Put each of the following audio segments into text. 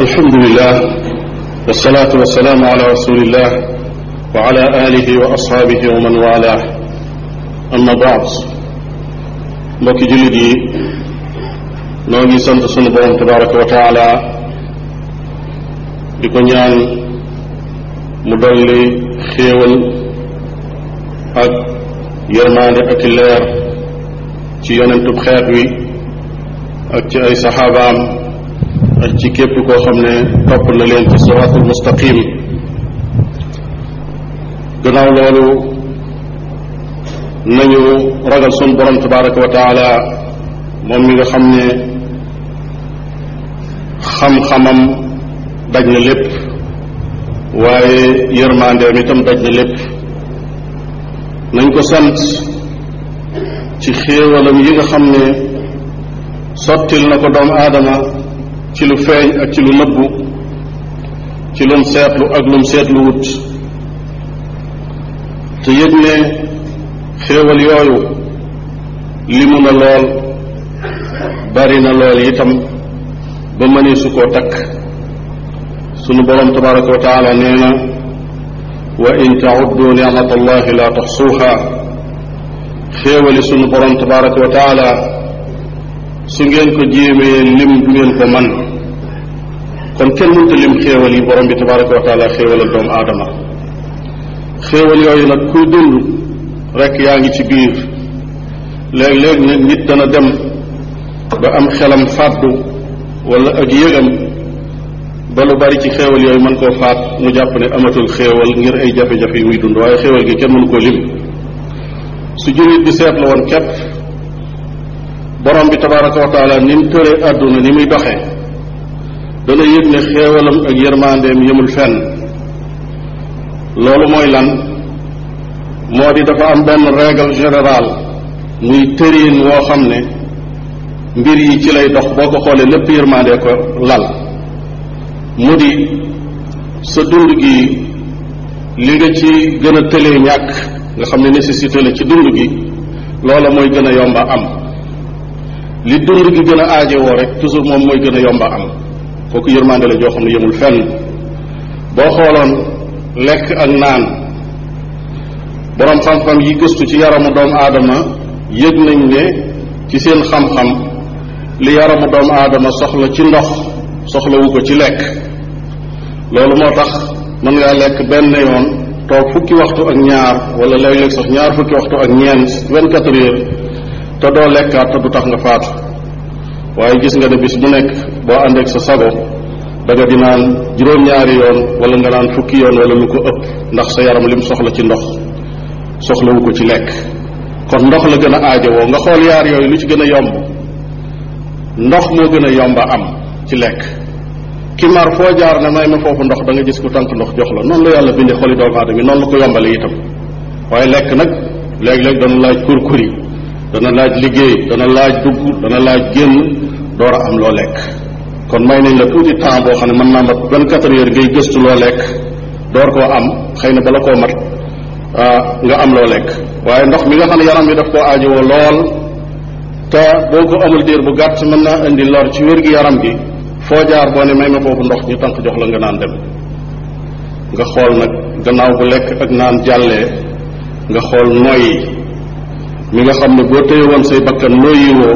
alhamdulilah walsalaatu walsalaamu ala rasulillah wa ala alihi wa asxaabihi wa man waalaah amma baad mbokki jullit yi noo ngi sant sunu borom tabaraka wa taala di ko ñaan mu dolli xéewal ak yërmaande ak leer ci yonentub xeet wi ak ci ay saxaabaam ci képp ko xam ne topp na leen ci siraatul mustaqim gannaaw loolu nañu ragal sun borom tabaraka wa taala moom mi nga xam ne xam-xamam daj na lépp waaye mi tam daj na lépp nañ ko sant ci xéewalam yi nga xam ne sottil na ko doom aadama ci lu feeñ ak ci lu nëbbu ci lum seetlu ak lum seetlu wut te yëg ne xéewal yooyu limu na lool bari na lool itam ba mënee su koo takk sunu boroom tabaraka wa taala nee na wa in tauddu nicmata allahi la tuxsuuha xéewali sunu boroom tabaraka wa taala su ngeen ko jéemee lim du ngeen ko man kon kenn mënta lim xéewal yi borom bi tabaraka wa taala doomu aadama xéewal yooyu nag kuy dund rek yaa ngi ci biir léeg-léeg nit dana dem ba am xelam fàddu wala ak yëgam ba lu bari ci xéewal yooyu mën koo faat mu jàpp ne amatul xéewal ngir ay jafe-jafe yu muy dund waaye xéewal gi kenn mënu koo lim su jullit bi seetlu woon képp borom bi tabaraka wa taala ni mu tëree àdduna ni muy doxe dana yëg ne xéewalam ak yërmandeem yëmul fenn loolu mooy lan moo di dafa am benn règle générale muy tëriin woo xam ne mbir yi ci lay dox boo ko xoolee lépp yërmandee ko lal mu di sa dund gi li nga ci gën a tëlee ñàkk nga xam ne nécessité la ci dund gi loola mooy gën a yomba am li dund gi gën a aajowoo rek toujours moom mooy gën a yomb a am kooku yërmande la joo xam ne yemul fenn boo xooloon lekk ak naan boroom xam-xam yi gëstu ci yaramu doomu aadama yëg nañ ne ci seen xam-xam li yaramu doomu aadama soxla ci ndox soxlawu ko ci lekk loolu moo tax mën ngaa lekk benn yoon toog fukki waxtu ak ñaar wala léeg-léeg sax ñaar fukki waxtu ak ñeent vingt-quatre heures te doo lekkaat te du tax nga faatu waaye gis nga ne bis bu nekk boo àndeeg sa sago da nga di naan juróom-ñaari yoon wala nga naan fukki yoon wala lu ko ëpp ndax sa yaram lim soxla ci ndox soxlawu ko ci lekk kon ndox la gën a aajowoo nga xool yaar yooyu lu ci gën a yomb ndox moo gën a yomb am ci lekk ki mar foo jaar na may ma foofu ndox da nga gis ku tànk ndox jox la noonu la yàlla bindee xoli doomu aadama yi noonu la ko yombale itam waaye lekk nag léeg-léeg dana laaj kurkuri dana laaj liggéey dana laaj dugg dana laaj génn door a am loo lekk kon may nañ la tuuti temps boo xam ne mën naa mat vingt-quatre heures ngay gëstu loo lekk door koo am xëy na bala koo mat ah, nga am loo lekk waaye ndox mi nga xam ne yaram bi daf koo aajowoo lool te boo ko amul diir bu gàtt mën naa indi lor ci wér gi yaram gi foo jaar boo ne may ma foofu ndox ñu tànk jox la nga naan dem nga xool nag gannaaw bu lekk ak naan jàllee nga xool noyyi mi nga xam ne boo téye woon say bakkan loo yiwoo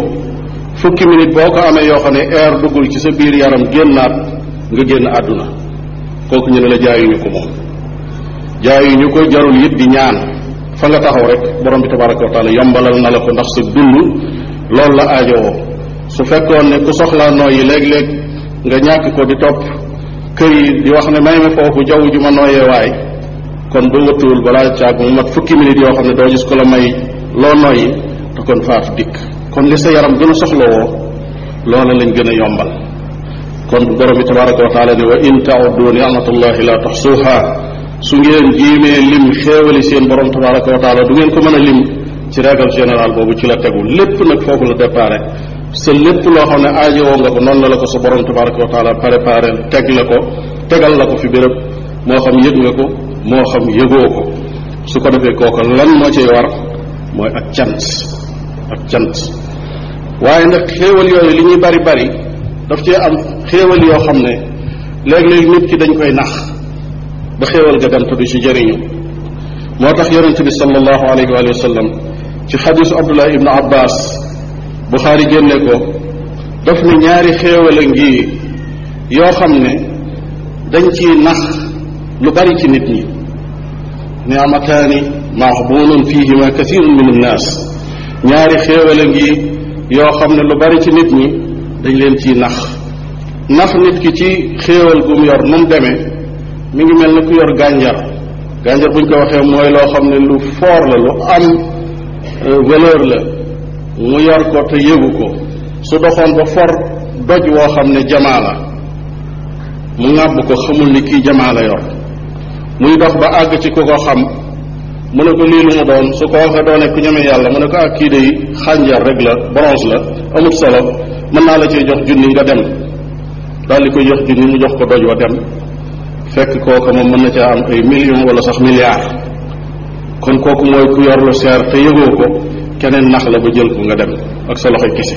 fukki minute boo ko amee yoo xam ne air duggul ci sa biir yaram génn génnaat nga génn àdduna kooku ñu ne la jaayuñu ko moom ñu koy jarul yit di ñaan fa nga taxaw rek borom bi tabaraka wa taala yombalal na la ko ndax sa dund loolu la aajowoo su fekkoon ne ku soxlaa nooyi léeg-léeg nga ñàkk ko di topp kër yi di wax ne may ma foofu jaww ji ma nooyee waay kon bu wëttuwul balaa caag mu mat fukki minute yoo xam ne doo may loo noyyi te kon faatu dikk kon li sa yaram gën a soxlawoo loola lañ gën a yombal kon borom bi tabaraka wa taala ne wa in tauddu ni'matallahi la tuxsuha su ngeen jéemee lim xéewali seen borom tabaraka wa taala du ngeen ko mën a lim ci règle générale boobu ci la tegu lépp nag foofu la sa lépp loo xam ne aajowoo nga ko noonu la la ko sa borom tabaraka wa taala préparé teg la ko tegal la ko fi béréb moo xam yëg nga ko moo xam yëgoo ko su ko defee kooka lan moo cay war mooy ak cant ak cant waaye nag xéewal yooyu li ñuy bari bari daf cee am xéewal yoo xam ne léeg-léeg nit ki dañ koy nax ba xéewal ga dem du ci jëriñu moo tax yonente bi sallallahu alayhi wa sallam ci xadisu abdullah ibnu abbas buxaari génne ko daf ne ñaari xéewal a ngi yoo xam ne dañ ciy nax lu bari ci nit ñi ni'mataani maxbuunun fihima kathirun min annaas ñaari xéewal a ngi yoo xam ne lu bari ci nit ñi dañ leen ciy nax nax nit ki ci xéewal gum yor nu mu ngi mel ne ku yor gànjar gànjar buñ ko waxee mooy loo xam ne lu foor la lu am euh, valeur la mu yor ko te yëgu ko su doxoon ba for doj woo xam ne jamaa la mu ŋàbb ko xamul ni kii jamaa la yor muy dox ba àgg ci ku ko xam mu ne ko lii lu mu doon su ko waxee doone ku ñeme yàlla mu ne ko ak ah, kii de xànjar rek la bronze la amut solo mën naa la cee jox junni nga dem daal di koy jox junni mu jox ko doj wa dem fekk kooka moom mën na caa am ay million wala sax milliard kon kooku mooy ku yor lu seer te yëgoo ko keneen nax la ba jël ko nga dem ak sa loxoy kese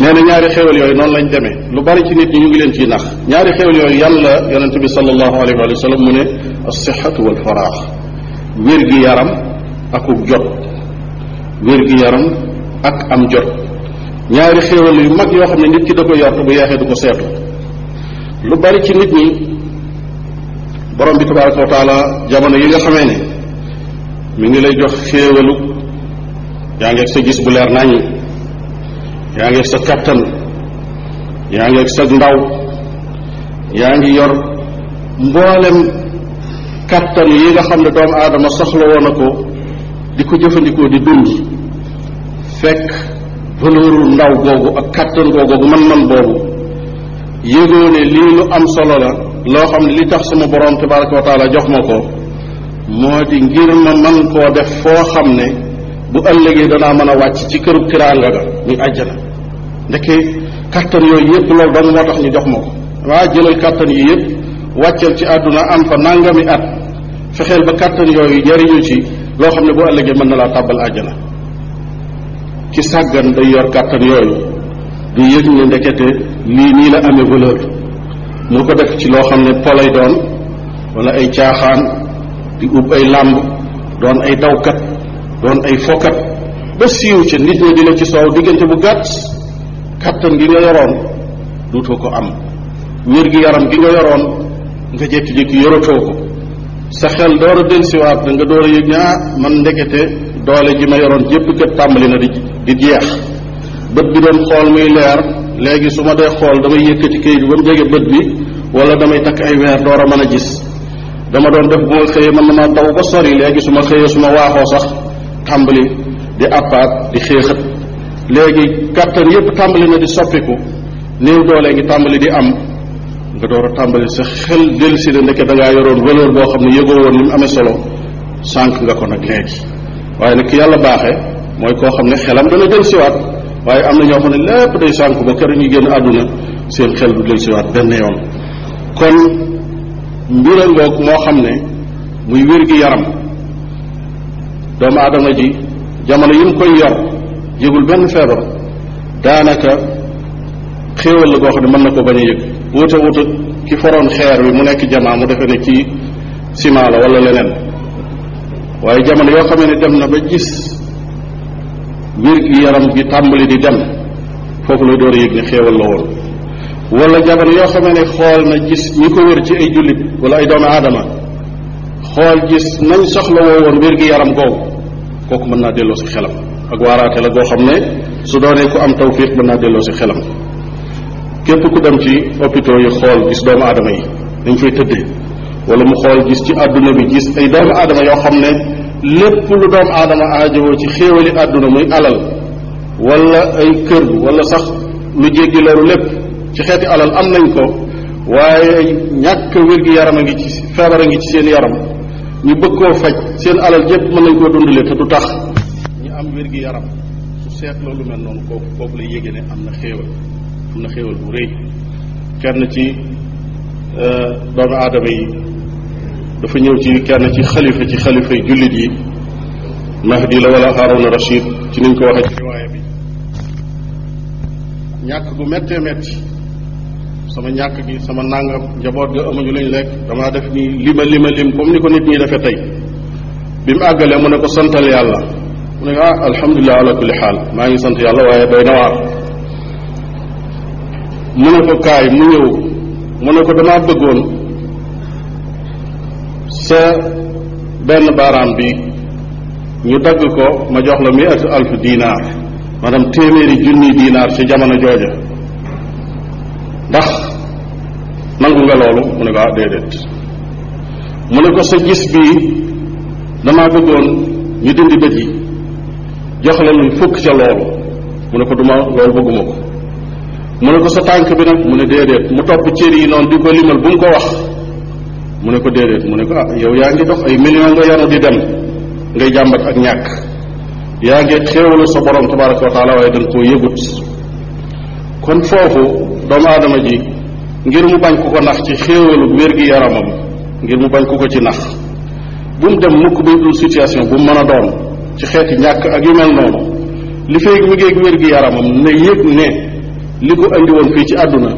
nee na ñaari xéwal yooyu noonu lañ demee lu bari ci nit ñi ñu ngi leen ciy nax ñaari xéwal yooyu yan la yonent bi sallallahu alayhi wa sallam mu ne as-sihhatu wal wér-gi-yaram akuk jot wér-gi-yaram ak am jot ñaari xéewal yu mag yoo xam ne nit ki da ko yort bu yeexee du ko seetu lu bari ci nit ñi borom bi tabaraka jamono yi nga xamee ni mu ngi lay jox xéewalu yaa ngi ak sa gis bu leer naññi yaa ngi ak sa kattan yaa ngi ak sa ndaw yaa ngi yor mboolem kattan yi nga xam ne doomu aadama soxla woon a ko di ko jëfandikoo di dund fekk valeuru ndaw googu ak kattan googu mën-mën boobu yëgoo ne lii lu am solo la loo xam ne li tax sama borom tabaraka wa jox ma ko moo di ngir ma man koo def foo xam ne bu ëllëgee danaa mën a wàcc ci këru tiraanga ga muy àjjana ndeke kattan yooyu yëpp loolu dong moo tax ñu jox ma ko waa jëlal kattan yi yëpp wàccal ci àdduna am fa nangami at fexeel ba kàttan yooyu jariñu ci loo xam ne boo ëllëgee mën na laa tàbbal àjjana ki sàggan day yor kàttan yooyu du yëg ne ndekete lii nii la amee valeur mu ko def ci loo xam ne po lay doon ay caaxaan di ub ay làmb doon ay dawkat doon ay fokat ba siiw ca nit ñi di ci soow diggante bu gàtt kàttan gi nga yoroon duutoo ko am wér gi yaram gi nga yoroon nga jékki-jékki yoratoo ko sa xel door a delsiwaat nga door a yëg ñaa ah, man ndekete doole ji ma yoroon yépp kat tàmbali na di di jeex bët bi doon xool muy leer léegi su ma dee xool damay yëkkati kayit bi ba mu jege bët bi wala damay takk ay weer door a man a gis dama doon def bu ma xëyee mën na maa daw ba sori léegi su ma xëyee su ma waaxoo sax tàmbali di appaat di xéexat léegi kàttan yépp tàmbali na di soppiku néew doole ngi tàmbali di am nga door a tàmbali sa xel dellu si ne ndeke da ngaa yoroon valeur boo xam ne yëgoo woon ni mu amee solo sànq nga ko nag léegi waaye nag yàlla baaxe mooy koo xam ne xelam dana dellu siwaat waaye am na ñoo xam ne lépp day sànq ba kër ñu génn àdduna seen xel du dellu siwaat benn yoon kon mbir a moo xam ne muy wér gi yaram doomu aadama ji jamono yi mu koy yor yëgul benn feebar daanaka xéewal la boo xam ne mën na ko bañ a yëg wuute wuute ki foroon xeer bi mu nekk jamaa mu defe ne kii ciment la wala leneen waaye jamono yoo xamee ne dem na ba gis wér gi yaram gi tàmbali di dem foofu lay door a yëg ne xéewal la woon wala jamono yoo xamee ne xool na gis ñi ko wër ci ay jullit wala ay doomi aadama xool gis nañ soxla woo woon wér gi yaram googu kooku mën naa delloo si xelam ak waaraate la goo xam ne su doonee ku am tawfiq mën naa delloo si xelam képp ku dem ci hôpitaux yi xool gis doomu aadama yi dañ fay tëddee wala mu xool gis ci àdduna bi gis ay doomu adama yoo xam ne lépp lu doomu aadama aajowoo ci xéewali àdduna muy alal wala ay kër walla sax lu jéggi loolu lépp ci xeeti alal am nañ ko waaye ñàkk wér-gi-yaram a ngi ci feebar a ngi ci seen yaram ñu bëgg koo faj seen alal yépp mën nañ koo dundale te du tax ñu am wér-gi-yaram su seet loolu mel noonu kooku kooku lay yéege am na xéewal am na xéewal bu rëy kenn ci euh, doomu aadama yi dafa ñëw ci kenn ci xalifa ci xalifa yi jullit yi mahdi la wala haaruna rachid ci niñ ko waxee ci riwaaya bi ñàkk gu méttee métti sama ñàkk gi sama nàngam njaboot ga amuñu luñ lekk damaa def ni lima lima lim comme ni ko nit ñi defee tey bi mu àggalee mu ne ko santal yàlla mu ne ah alhamdulilah ala kulli xaal maa ngi sant yàlla waaye doy na mu ne ko kaay mu ñëw mu ne ko damaa bëggoon sa benn baaraam bi ñu dagg ko ma jox la mi at alf diinaar maanaam téeméeri junni diinaar ci jamono jooja ndax nangu nga loolu mu ne ko ah déedéet mu ne ko sa gis bii damaa bëggoon ñu dindi bët yi jox la lu fukk ca loolu mu ne ko duma loolu bëgguma ko mu ne ko sa tànk bi nag mu ne déedéet mu topp cër yi noonu di ko limal bu mu ko wax mu ne ko déedéet mu ne ko ah yow yaa ngi dox ay million nga yanu di dem ngay jàmbat ak ñàkk yaa ngi xéewalu sa borom tabaraka wa taala waaye danga koo yëgut kon foofu doomu aadama ji ngir mu bañ ku ko nax ci xéewalu wér-gi yaramam ngir mu bañ ku ko ci nax bu mu dem mukk bay dul situation bu mu mën a doon ci xeeti ñàkk ak yu mel noonu li feeg mi wér-gi yaramam li ko indi woon fii ci àdduna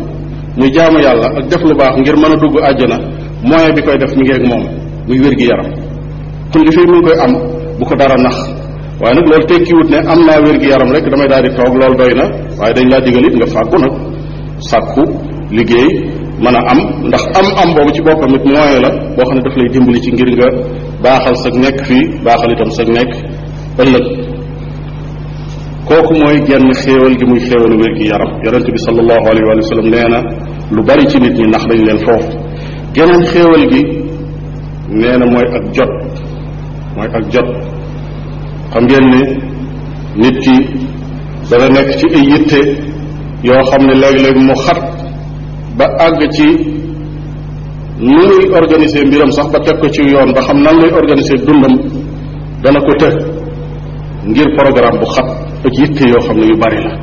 muy jaamu yàlla ak def lu baax ngir mën a dugg na moyen bi koy def mu ngi ak moom muy wér-gi-yaram kon li fii mu ngi koy am bu ko dara nax waaye nag loolu tekkiwut ne am naa wér-gi-yaram rek damay daal di toog loolu bay na waaye dañ laa digal it nga fàggu nag sàkku liggéey mën a am ndax am am boobu ci boppam it moyen la boo xam ne daf lay dimbali ci ngir nga baaxal sa nekk fii baaxal itam sa nekk ëllëg kooku mooy genn xéewal gi muy xéewalu wér gi yaram yonent bi sallallahu alayhi wa sallam nee na lu bari ci nit ñi ndax dañ leen foofu geneen xéewal gi nee na mooy ak jot mooy ak jot xam ngeen ne nit ki dana nekk ci ay yitte yoo xam ne léeg-léeg mu xat ba àgg ci nu muy organiser mbiram sax ba teg ko ci yoon ba xam nan lay organiser dundam dana ko teg ngir programme bu xat ak yitte yoo xam ne yu bari la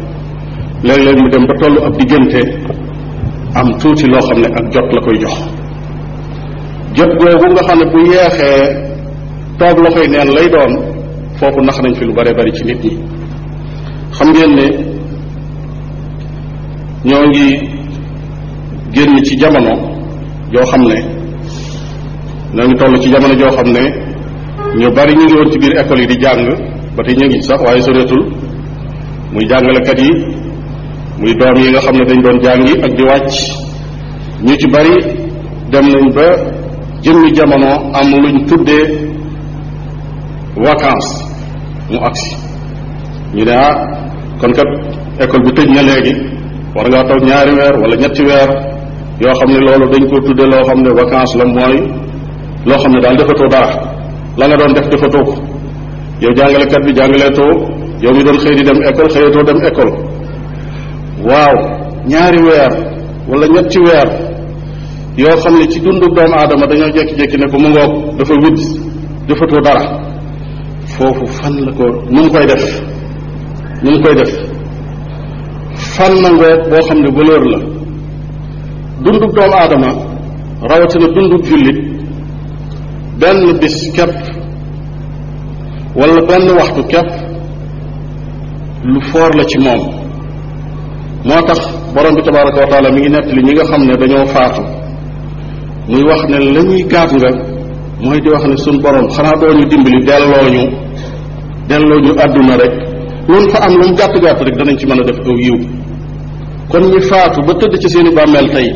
léeg-léeg mu dem ba tollu ab diggante am tuuti loo xam ne ak jot la koy jox jot googu nga xam ne bu yeexee toog loxoy neen lay doon foofu nax nañ fi lu bare bari ci nit ñi xam ngeen ne ñoo ngi génn ci jamono joo xam ne ñoo ngi toll ci jamono joo xam ne ñu bari ñu ngi woon ci biir école yi di jàng ba tey ñu ngi sax waaye soreetul muy jàngalekat yi muy doom yi nga xam ne dañ doon jàngi ak di wàcc ñu ci bari dem nañ ba jëmmi jamono am luñ tuddee vacances mu agsi ñu ne ah kon kat école bi tëj na léegi war ngaa toog ñaari weer wala ñetti weer yoo xam ne loolu dañ koo tudde loo xam ne vacances la mooy loo xam ne daal defatoo dara la nga doon def defatoo ko yow jàngalekat bi jàngaleetoo yow mi doon xëy di dem école xëyatoo dem école waaw ñaari weer wala ñetti weer yoo xam ne ci dundu doomu aadama dañoo jekki-jekki ne ko mu ngoog dafa witt defatoo dara foofu fan la ko nu koy def nu mu koy def fan na ngoog boo xam ne valeur la dundu doomu aadama rawatina dundu jullit benn bis kepp wala benn waxtu kepp lu foor la ci moom moo tax borom bi tabaraka wa taala mi ngi li ñi nga xam ne dañoo faatu muy wax ne la ñuy gaat nga mooy di wax ne suñ borom xanaa doo ñu dimbali delloo ñu delloo ñu àdduna rek loolu fa am lu mu gàtt-gàtt rek danañ ci mën a def aw yiw kon ñi faatu ba tëdd ci seeni bàmmeel tey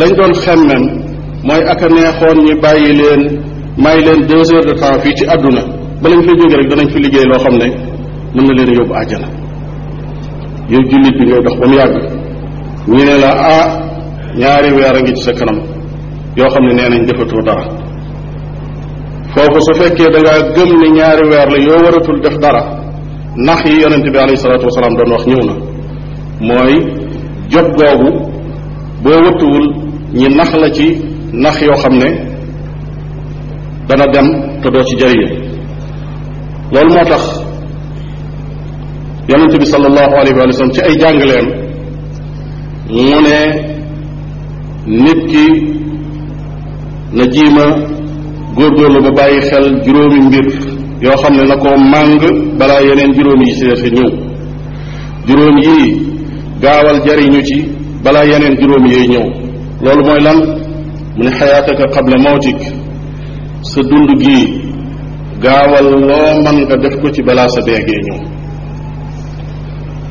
lañ doon xemmem mooy ak a neexoon ñi bàyyi leen may leen deux heures de temps fii ci àdduna ba lañ fay jóge rek danañ fi liggéey loo xam ne mën na leen a yóbbu àjjana yow jullit bi ngay dox ba mu yàgg ñu ne la ah ñaari weer a ngi ci sa kanam yoo xam ne nee nañ defatoo dara foofu su fekkee da gëm ne ñaari weer la yoo waratul def dara nax yi yonent bi alayhi salaatu wasalaam doon wax ñëw na mooy jot googu boo wëttuwul ñi nax la ci nax yoo xam ne dana dem te ci jariñ loolu moo tax yonente bi sallallahu alayhi wa sallam ci ay jàngaleem mu ne nit ki na jiima góorgóorlu ba bàyyi xel juróomi mbir yoo xam ne na koo màng balaa yeneen juróom yi si defe ñëw juróom yii gaawal jariñu ci balaa yeneen juróom yooyu ñëw loolu mooy lan mu ne xayaataka qabla mawtik sa dund gii gaawal loo mën nga def ko ci balaa sa deegee ñëw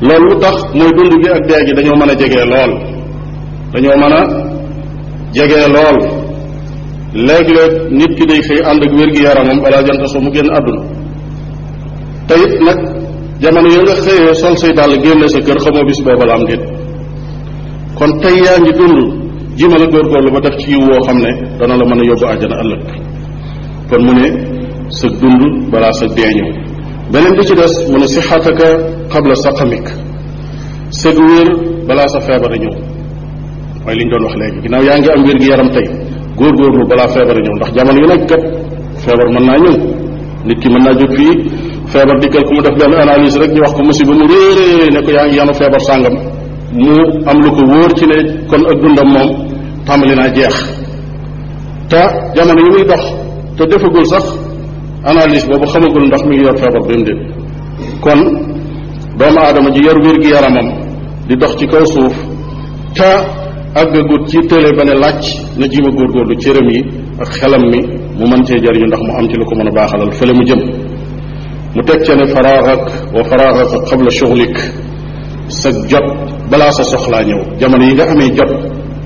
loolu lu tax mooy dund gi ak dee gi dañoo mën a jege lool dañoo mën a jege lool léeg-léeg nit ki day xëy ànd ak wér-gi-yaramam balaa jant so mu génn àdduna te it nag jamono ya nga xëyee sol say dàll génne sa kër xamoo bis booba la am déet kon tey yaa ngi dund jimal a góorgóorlu ba def ci yiw woo xam ne dana la mën a yóbbu àjjana ëllëg kon mu ne sa dund balaa sa dee beneen bi ci des mu ne sixataka qabla saqamik sëg wér balaa sa feebar a ñëw mooy li ñu doon wax léegi ginnaaw yaa am wér gi yaram tey góorgóorlu balaa feebar a ñëw ndax jamono yu nekk kat feebar mën naa ñëw nit ki mën naa jóg fii feebar dikkal ku mu def benn analyse rek ñu wax ko musiba mu réeree ne ko yaa ngi yanu feebar sàngam mu am lu ko wóor ci ne kon ak dundam moom tàmbali naa jeex te jamono yi muy dox te defagul sax analyse boobu xamagul ndax mi ngi yor feebar bi mu dén kon doomu aadama ji yor wér gi yaramam di dox ci kaw suuf te àggagut ci télé ba ne laaj na jiima lu cëram yi ak xelam mi mu mën cee jariñu ndax mu am ci la ko mën a baaxalal fële mu jëm mu teg ca ne faraaxak wa faraaxak xabla shughlik sa jot balaa sa soxlaa ñëw jamono yi nga amee jot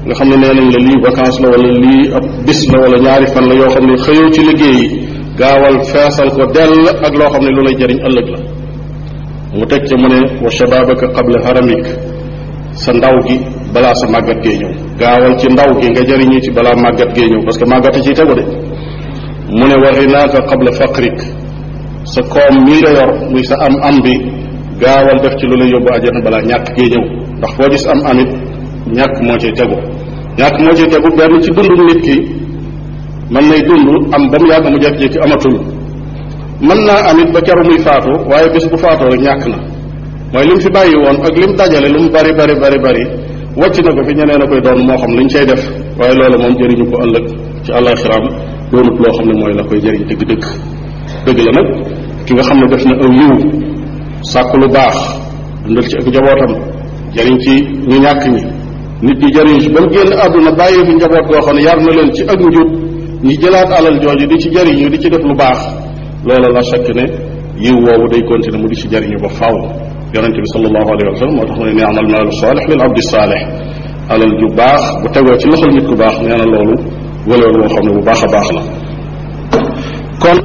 nga xam ne nee nañ la lii vacance la wala lii ab bis la wala ñaari fan la yoo xam ne xëyoo ci liggéey yi gaawal feesal ko dell ak loo xam ne lu lay jariñ ëllëg la mu teg ca mu ne wa shababaka qabla haramik sa ndaw gi balaa sa màggat gee ñëw gaawal ci ndaw gi nga jariñu ci balaa màggat gee ñëw parce que màggat a ciy tegu de mu ne wa ghinaaka qabla faqrik sa koom mii nga yor sa am am bi gaawal def ci lu lay yóbbu àjjana balaa ñàkk gee ñëw ndax foo gis am amit ñàkk moo cay tegu ñàkk moo cay tegu benn ci dundu nit ki mën nay dund am ba mu yàgg mu jekk-jekki amatul mën naa amit ba keru muy faatu waaye bis bu faatoo rek ñàkk na mooy lim fi bàyyi woon ak lim dajale lu mu bari bari bari bari wàcc na ko fi ñenee na koy doon moo xam liñ cay def waaye loolu moom jëriñu ko ëllëg ci àllaaxiraam doonut loo xam ne mooy la koy jëriñ dëgg-dëgg dëgg la nag ki nga xam ne def na aw yiw sàkk lu baax dundal ci ak njabootam jëriñ ci ñu ñàkk ñi nit ñi jëriñ ci ba mu génn àdduna bàyyi fi njaboot goo xam ne yar na leen ci ak njub ñi jëlaat alal jooju di ci jariñu di ci def lu baax loola la shakk ne yiw woowu day continuer mu di ci jariñu ba faw yonente bi sallallahu alayhi wa sallam moo tax mu ne ni amal maalu saalix lil abdi saalix alal ju baax bu tegoo ci loxol nit ku baax nee na loolu valeur boo xam ne bu baax a baax la kon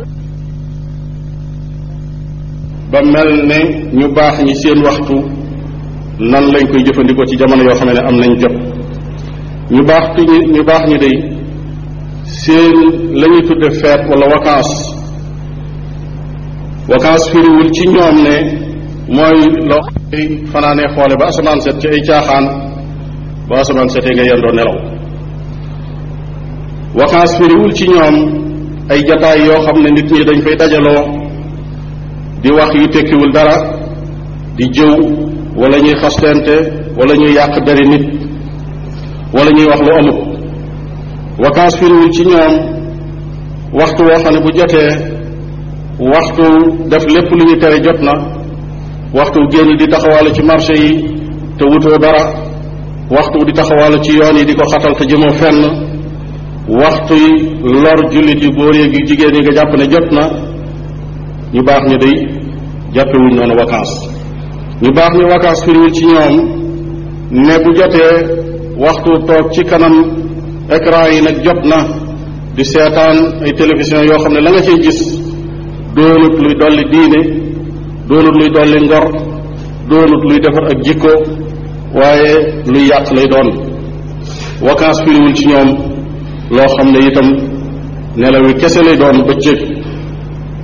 ba mel ne ñu baax ñi seen waxtu nan lañ koy jëfandikoo ci jamono yoo xam ne am nañ jot ñu baax ñu baax ñi day seen la ñuy tudde feet wala vacances vacances firiwul ci ñoom ne mooy loo xam fanaanee xoole ba asamaan set ci ay caaxaan ba asamaan setee nga yendoo nelaw vacances firiwul ci ñoom ay jataay yoo xam ne nit ñi dañ fay dajaloo di wax yu tekkiwul dara di jëw wala ñuy xastente wala ñuy yàq deri nit wala ñuy wax lu amut vacances firiwul ci ñoom waxtu woo bu jotee waxtu def lépp lu ñu tere jot na waxtu génn di taxawaale ci marché yi te wutoo dara waxtu di taxawaale ci yoon yi di ko xatal te jëmoo fenn waxtu yi lor jullit yu góor yeeg yu jigéen yi nga jàpp ne jot na ñu baax ñu day jàppewuñ noonu vacances ñu baax ñu vacances firiwul ci ñoom ne bu jotee waxtu toog ci kanam écran yi nag jot na di seetaan ay télévision yoo xam ne la nga cay gis doonut luy dolli diine doonut luy dolli ngor doonut luy defar ak jikko waaye luy yàq lay doon vacances firiwul ci ñoom loo xam ne itam nelaw yi kese lay doon bëccëg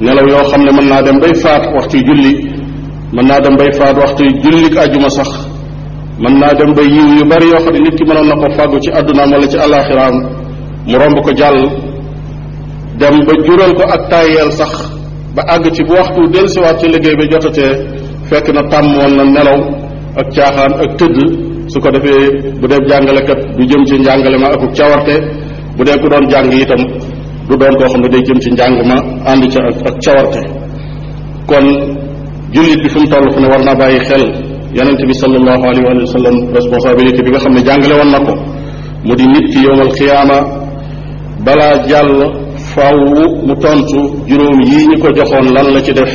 nelaw yoo xam ne mën naa dem bay faat waxtu julli mën naa dem bay faat waxtu jullik ajuma sax mën naa dem ba yiw yu bari yoo xam nit ki mënoon na ko fàggu ci addunaam wala ci alaxiraam mu romb ko jàll dem ba jural ko ak tàyyeel sax ba àgg ci bu waxtu dellusiwaat ci liggéey bi jotatee fekk na tàmmoon na nelaw ak caaxaan ak tëdd su ko defee bu dee jàngalekat du jëm ci njàngale ma akuk cawarte bu dee ku doon jàng itam du doon koo xam ne day jëm ci njàng ma ànd ca ak cawarte kon jullit bi fu mu fu ne war naa bàyyi xel yonent bi sallallahu alayhi wa sallam responsabilité bi nga xam ne jàngale woon na ko mu di nit ki yowmal xiyaama balaa jàll faw mu tontu juróom yii ñu ko joxoon lan la ci def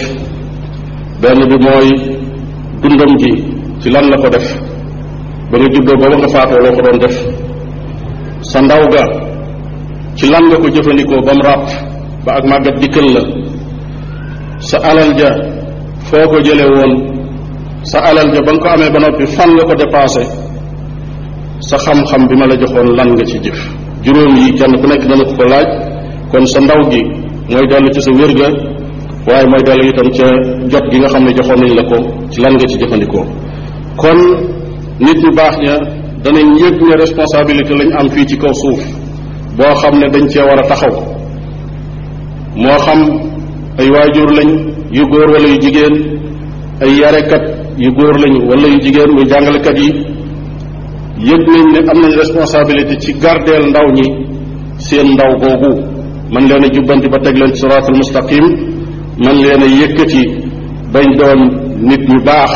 benn bi mooy dundam gi ci lan la ko def ba nga juddoo ba ba nga faatoo loo ko doon def sa ndaw ga ci lan nga ko jëfandikoo ba mu ràpp ba ak màggat dikkal la sa alal ja foo ko jële woon sa alal ja ba nga ko amee ba noppi fan nga ko dépassé sa xam-xam bi ma la joxoon lan nga ci jëf juróom yi kenn ku nekk dana ko ko laaj kon sa ndaw gi mooy dellu ci sa wér ga waaye mooy dellu itam ca jot gi nga xam ne joxoon nañ la ko ci lan nga ci jëfandikoo kon nit ñu baax ña danañ yëg ne responsabilité lañ am fii ci kaw suuf boo xam ne dañ cee war a taxaw moo xam ay waajur lañ yu góor wala yu jigéen ay yarekat yu góor lañu wala yu jigéen muy jàngalekat yi yëg nañ ne am nañ responsabilité ci gardeel ndaw ñi seen ndaw googu man leen a jubbanti ba teg leen siraatul mustaqim man leen a yëkkati bañ doon nit ñu baax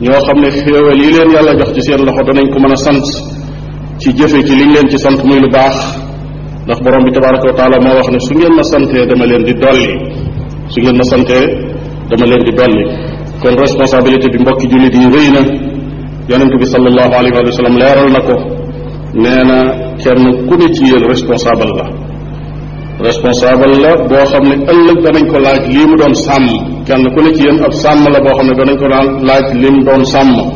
ñoo xam ne xéewal yi leen yàlla jox ci seen loxo danañ ko mën a sant ci jëfe ci liñ leen ci sant muy lu baax ndax borom bi tabaraka wa taala moo wax ne su ngeen ma santee dama leen di dolli su ngeen ma santee dama leen di dolli kon responsabilité bi mbokki jullit yi rëy na yonent bi sallallahu alayhi wa sallam leeral na ko nee na kenn ku ne ci yéen responsable la responsable la boo xam ne ëllëg danañ ko laaj lii mu doon sàmm kenn ku ne ci yéen ab sàmm la boo xam ne danañ ko daan laaj li mu doon sàmm mu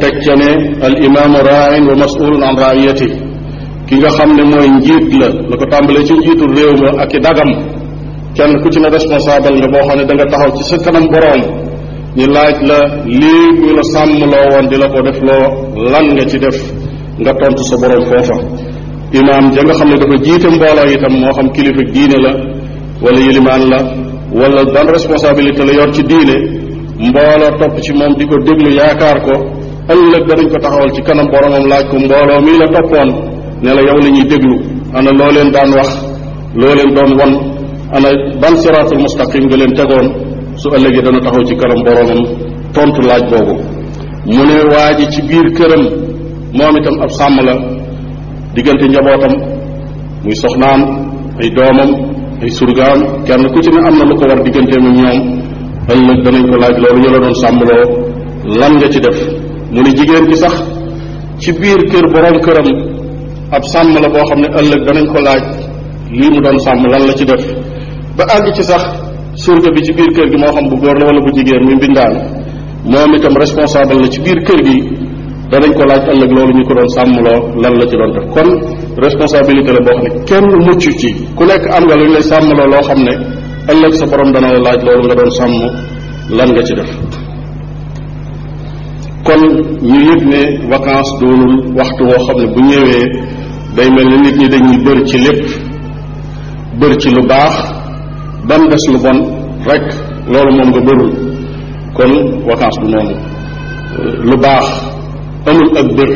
teg ca ne al imaamu raain wa masulun an raiyati ki nga xam ne mooy njiit la la ko tàmbalee ci njiitu réew ma ak i dagam kenn ku ci ne responsable nga boo xam ne danga nga taxaw ci sa kanam boroom ñu laaj la lii ñu la sàmm loo woon di la ko def loo lan nga ci def nga tontu sa boroom foofa imaam ja nga xam ne dafa jiite mbooloo itam moo xam kilifa diine la wala yilimaan la wala ban responsabilité la yoon ci diine mbooloo topp ci moom di ko déglu yaakaar ko ëllëg danañ ko taxawal ci kanam boromam laaj ko mbooloo mii la toppoon ne la yow lañuy ñuy déglu ana loo leen daan wax ana ban siraatul mustaqim nga leen tegoon su ëllëgee dana taxaw ci kanam boroomam tontu laaj boobu mu ne waa ji ci biir këram moom itam ab sàmm la diggante njabootam muy soxnaam ay doomam ay surgaam kenn ku ci ne am na lu ko war digganteem ñoom ëllëg danañ ko laaj loolu ñu la doon sàmmloo lan nga ci def mu ne jigéen bi sax ci biir kër boroom këram ab sàmm la boo xam ne ëllëg danañ ko laaj lii mu doon sàmm lan la ci def ba àgg ci sax surga bi ci biir kër gi moo xam bu góor la wala bu jigéen muy mbindaanu moom itam responsable la ci biir kër gi danañ ko laaj ëllëg loolu ñu ko doon sàmmloo lan la ci doon def kon responsabilité la boo kenn mucc ci ku nekk am nga lu ñu lay loo xam ne ëllëg sa borom dana la laaj loolu nga doon sàmm lan nga ci def kon ñu yëg vacance doonul waxtu woo xam ne bu ñëwee day mel ni nit ñi dañuy bër ci lépp bër ci lu baax ba mu des lu bon rek loolu moom nga bërul kon vacance du noonu euh, lu baax amul ak bër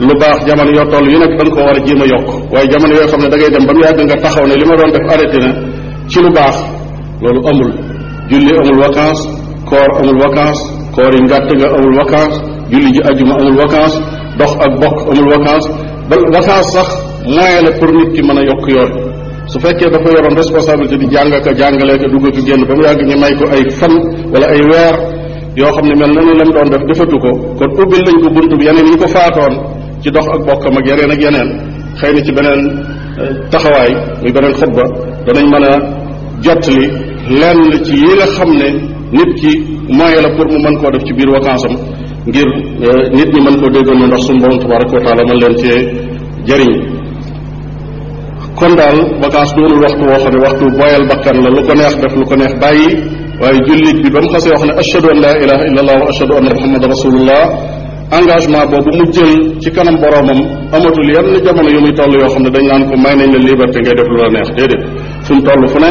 lu baax jamono yoo toll yu nag da nga war a jéem a yokk waaye jamono yoo xam ne da ngay dem ba mu yàgg nga taxaw ne li ma doon def arrêté na ci lu baax loolu amul julli amul vacance koor amul vacance koor yi ngàtt nga amul vacance julli ji ajjuma amul vacance dox ak bokk amul vacance ba vacance sax moyen la pour nit ki mën a yokk yooyu su fekkee dafa yoroon responsabilité di jàng ak jàngale ak dugg ak génn ba mu yàgg ñu may ko ay fan wala ay weer yoo xam ne mel na ni lam doon def defatu ko kon ubbil lañ ko bunt bi yeneen yi ko faatoon ci dox ak bokkam ak yeneen ak yeneen xëy na ci beneen eh, taxawaay muy beneen xutba danañ mën a jottali lenn ci yi nga xam ne nit ki moyen la pour mu mën koo def ci biir vacance am ngir eh, nit ñi mën koo déggoon ndax suñu borom tabaraka wa taala mën leen cee jëriñ kon daal vacance doonul waxtu woo xam ne waxtu boyal bakkan la lu ko neex def lu ko neex bàyyi waaye jullit bi ba mu xasee wax ne ashadu an laa ilaha illa allah wa ashadu anna muhammad rasulullah engagement boobu mu jël ci kanam boroomam amatul yenn jamono yu muy toll yoo xam ne dañ naan ko may nañ la liberté ngay def lu la neex déedéet fu mu toll fu ne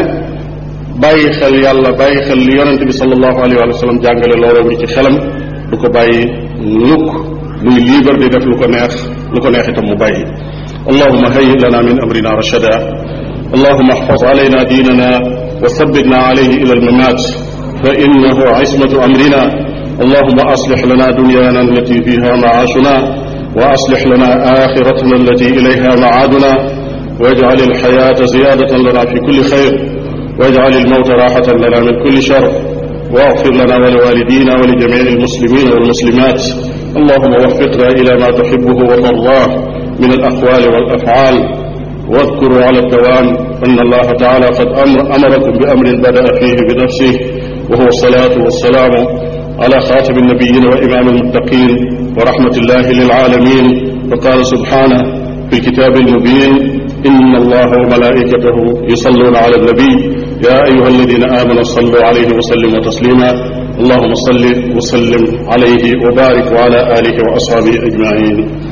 bàyyi xel yàlla bàyyi xel li yonente bi sallallahu alayhi wa sallam jàngale looloo ngi ci xelam du ko bàyyi mukk muy libre di def lu ko neex lu ko neex itam mu bàyyi allahuma hayyi lana min amrina rachada allahuma axfaz alayna diinana wa sabitna alayhi ila almamat fa innahu ismatu amrina allahuma aslix lana dunyana allati fiha maashuna wa aslix lana axiratana allati ilayha macaaduna wajcal alxayaata ziyaadatan lana fi kulli xayr wajcal almawta raaxatan lana min kulli shar واغفر لنا ولوالدينا ولجميع المسلمين والمسلمات اللهم وفقنا الى ما تحبه وترضاه من الأقوال والأفعال واذكروا على الدوام أن الله تعالى قد أمر أمركم بأمر بدأ فيه بنفسه وهو الصلاة والسلام على خاتم النبيين وإمام المتقين ورحمة الله للعالمين وقال سبحانه في الكتاب المبين إن الله وملائكته يصلون على النبي يا أيها الذين آمنوا صلوا عليه وسلموا تسليما اللهم صل وسلم عليه وبارك وعلى آله وأصحابه أجمعين